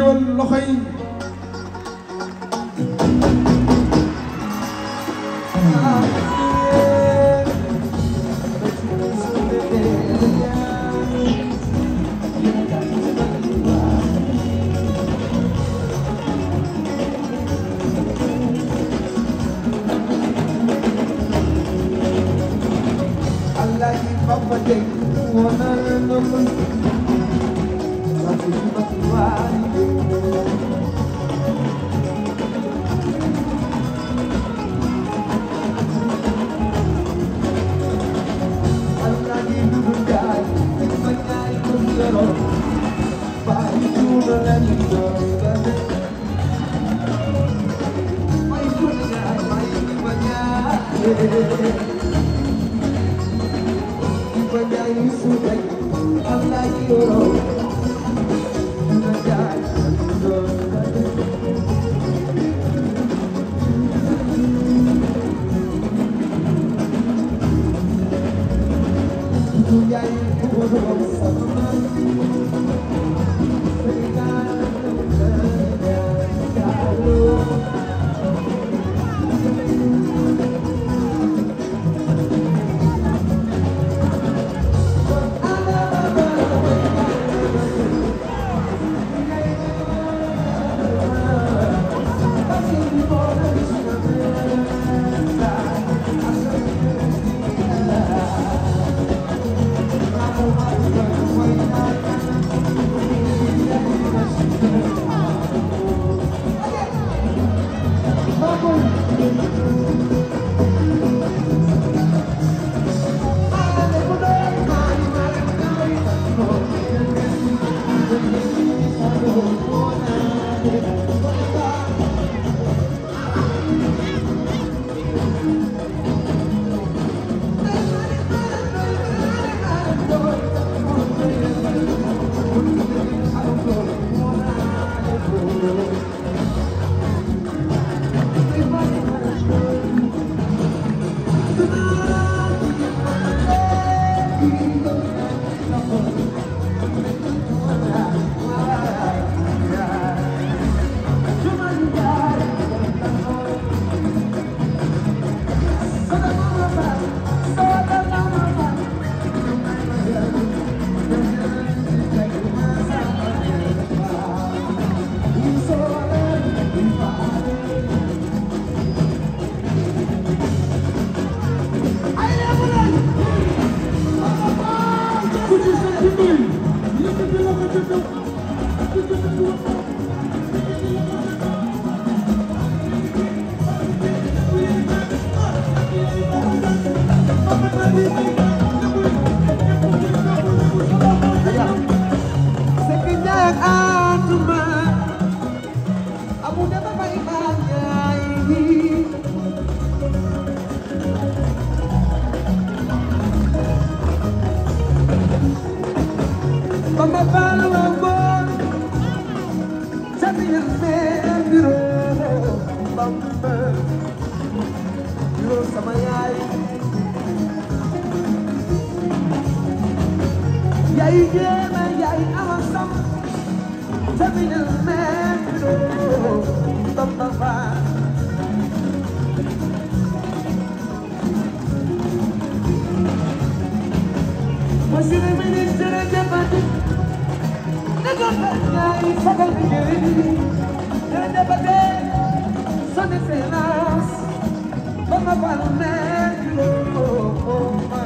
ñëwal loxo yi Thank you. Monsieur le ministre de Fatick ne doon nañu sagal liggéey de député son excellence ba ma fal nekk juróom-ma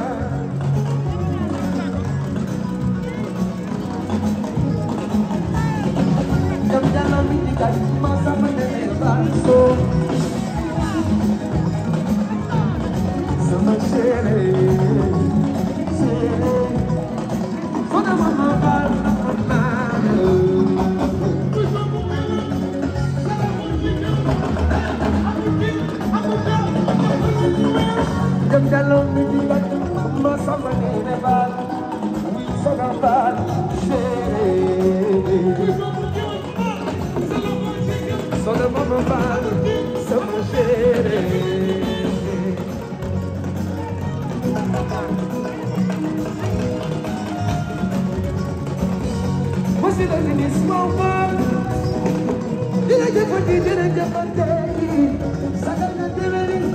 jam jana mi di kat ma sama demee banso sama chérie dem dalon mi di bat ma samba ne ne bal wi saga bal Solo mama bal sama shere Musi da ni small bal Dina jafati dina jafati Saga na deveri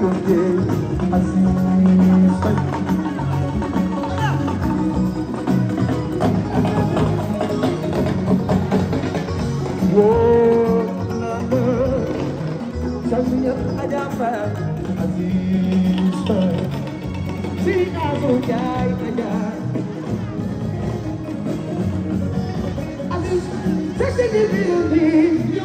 Take it easy, you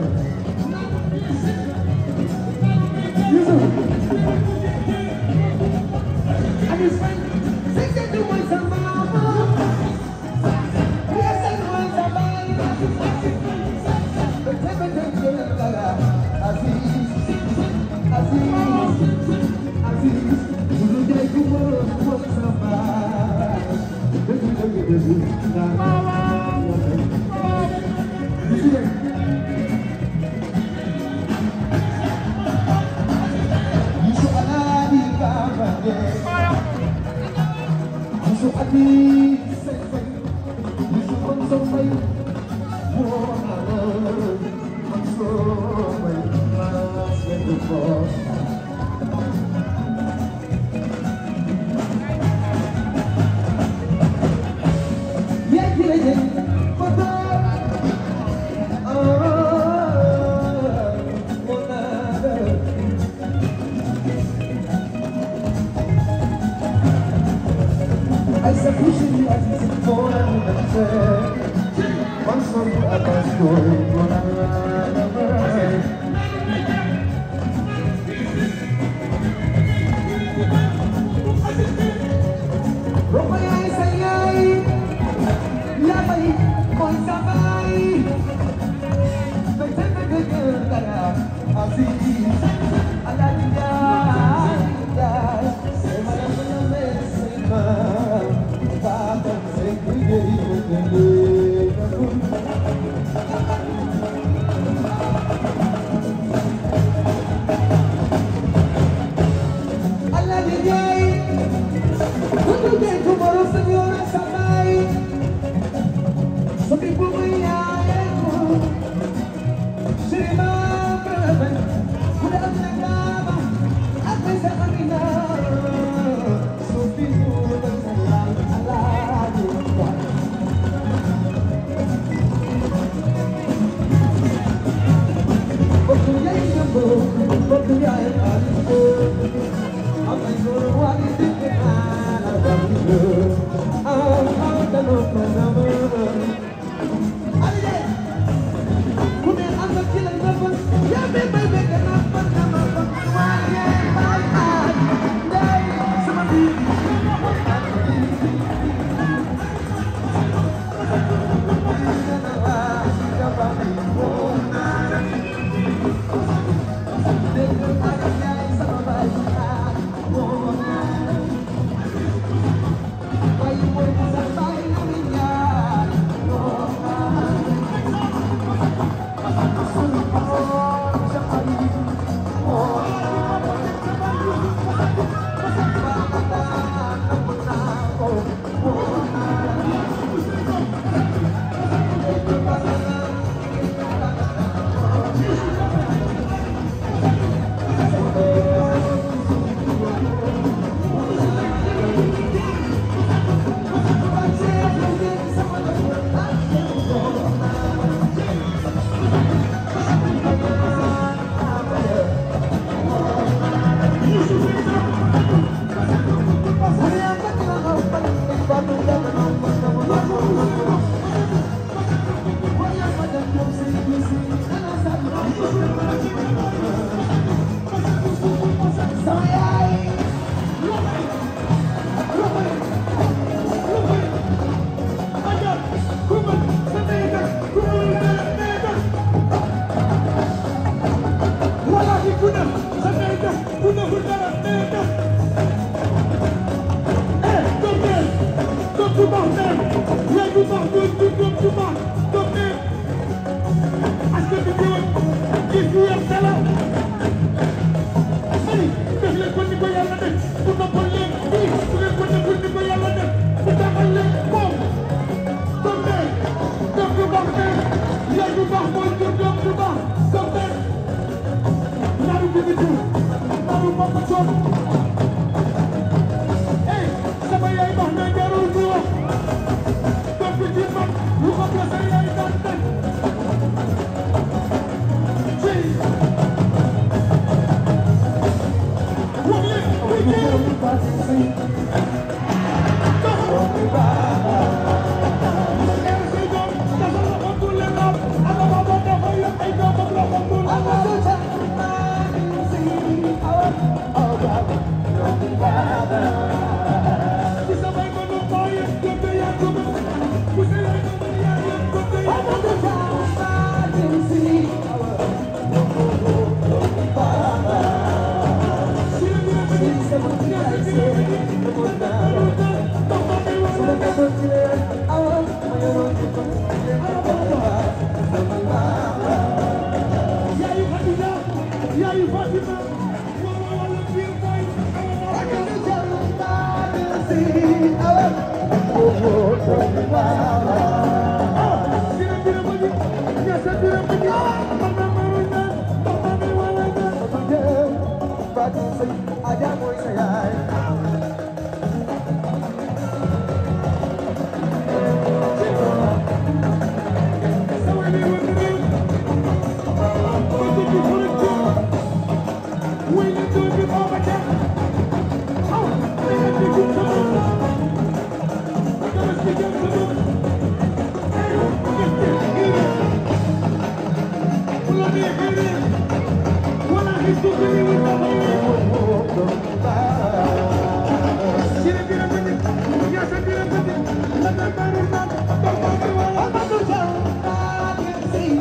Thank you. Thank you.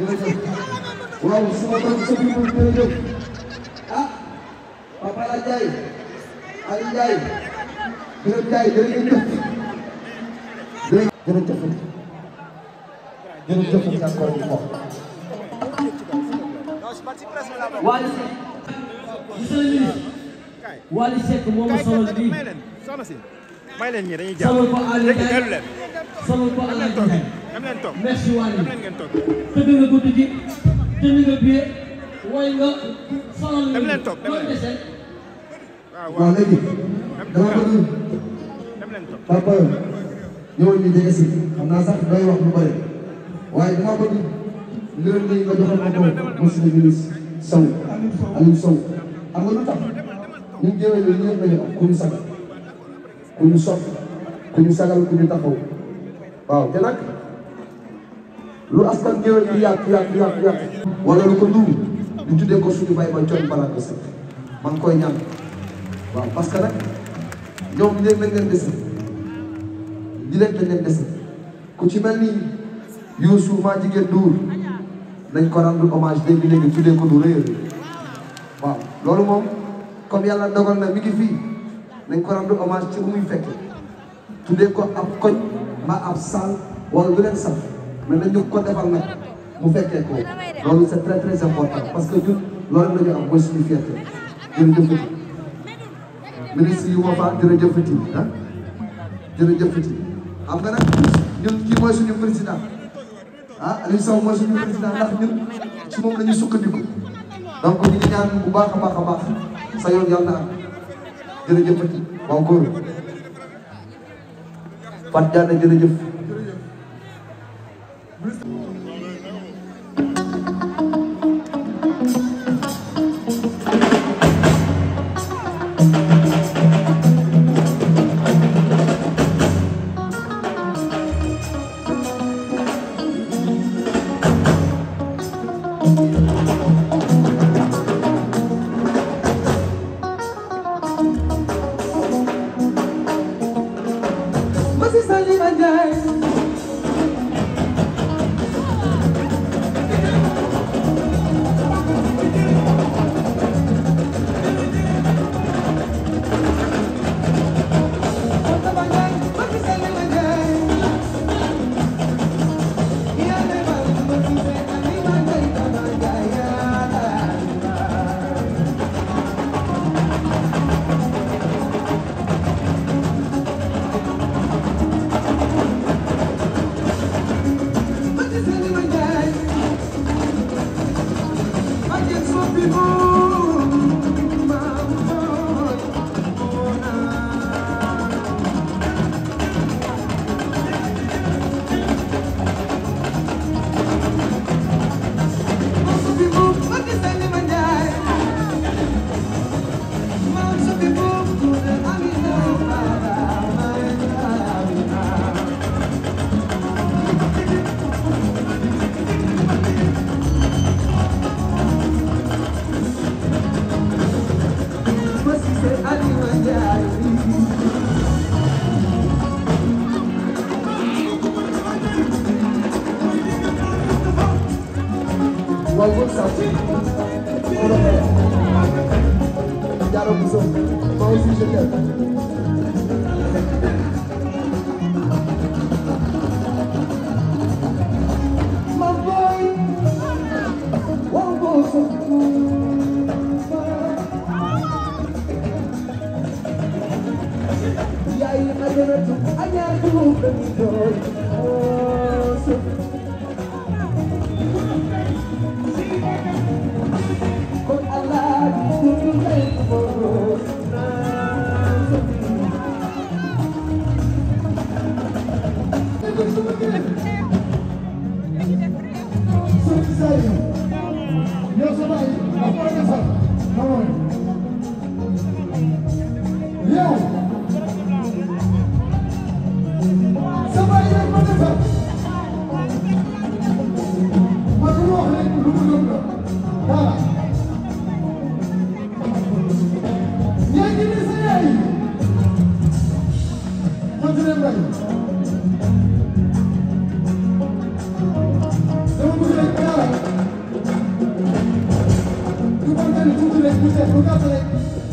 Ah, waaw sama bopp sa biir bu jërëjëf ah merci Waly tëgg nga guddi gi jënd nga billet woy nga sonal nga ñu loolu dese. waaw léegi dama bëgg papa xam naa sax doy wax lu bëri waaye dama bëgg ngërëm nañ nga joxal ko monsieur le ministre Sow Aliou Sow am nga lu tax ñu géwél yi ñëpp nañu am ku ñu sagal ku ñu sopp ku ñu sagal ku ñu taxaw waaw te nag lu askan géwél bi yàgg yàgg yàgg yàgg wala lu ko dund ñu tuddee ko suñu bay ba coon balaako sëkk man koy ñaan waaw parce que nag ñoom ñi leen lañ leen dese ñi leen lañ leen dese ku ci mel ni Youssou maa jigéen Ndour nañ ko rendre hommage léegi léegi tuddee ko du réer waaw loolu moom comme yàlla dogal na mi ngi fii nañ ko rendre hommage ci bu muy fekke tuddee ko ab koñ ma ab saal wala lu leen saf mais nañu ko defal mu fekkee ko loolu c'est très très important parce que ñun loolu la ñu am mooy suñu fierté jërëjëfati ministre yi wafa jërëjëfati ah jërëjëfati am nga nag ñun kii mooy suñu président ah Aliou Sow mooy suñu président ndax ñun su moom la ñu sukkandiku donc ñu ngi bu baax a baax a baax sa yoon yàlla na am jërëjëfati waaw góor Fatou Diagne jërëjëf Patrick.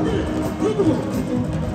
Thank you.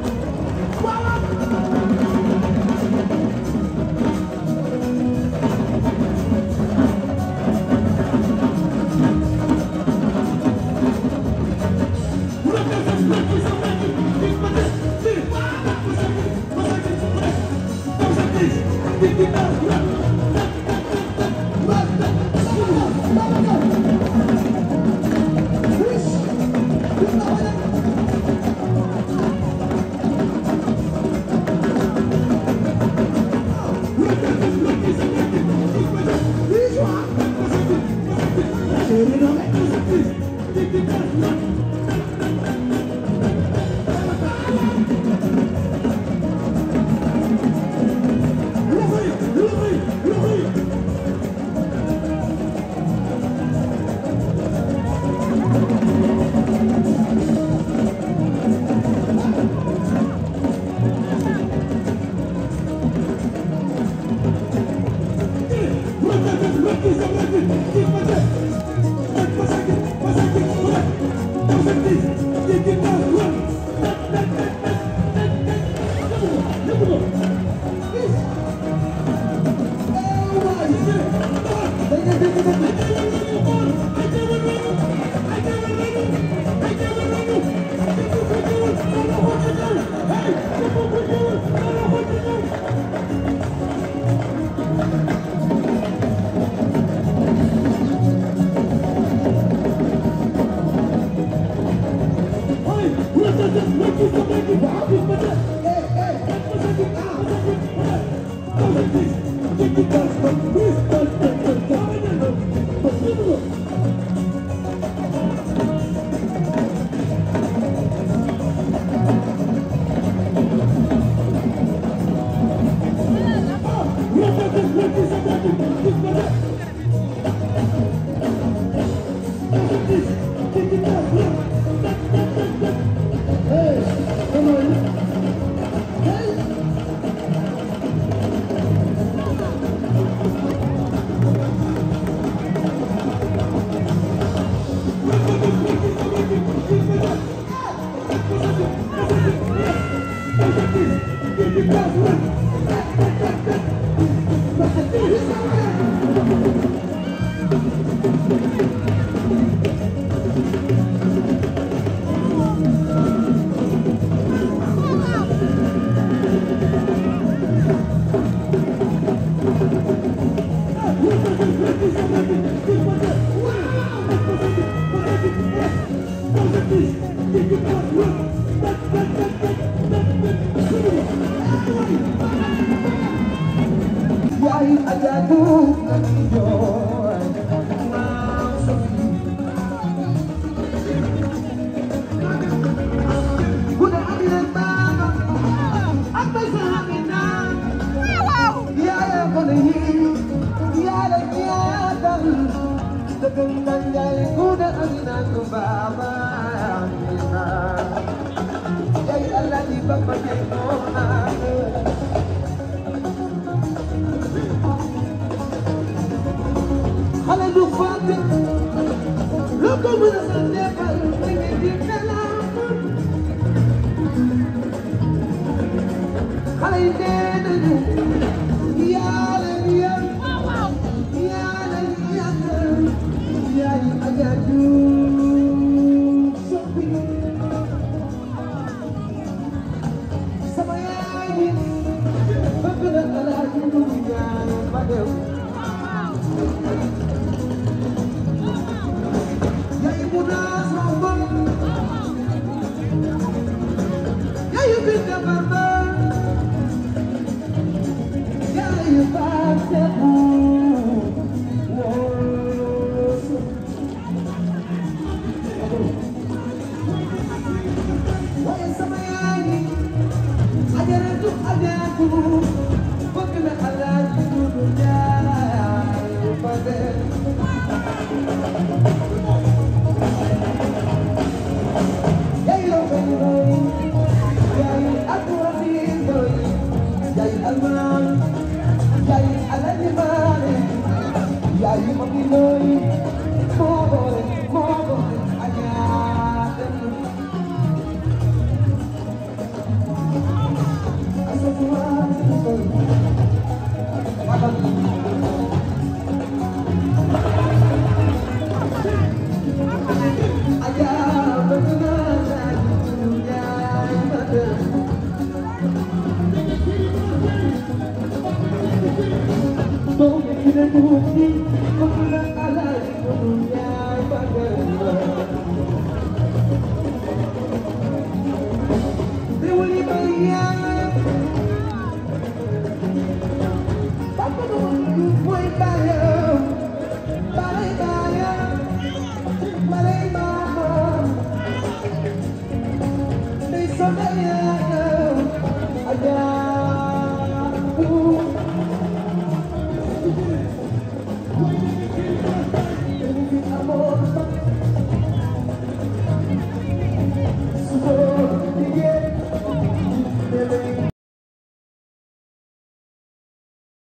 Thank you.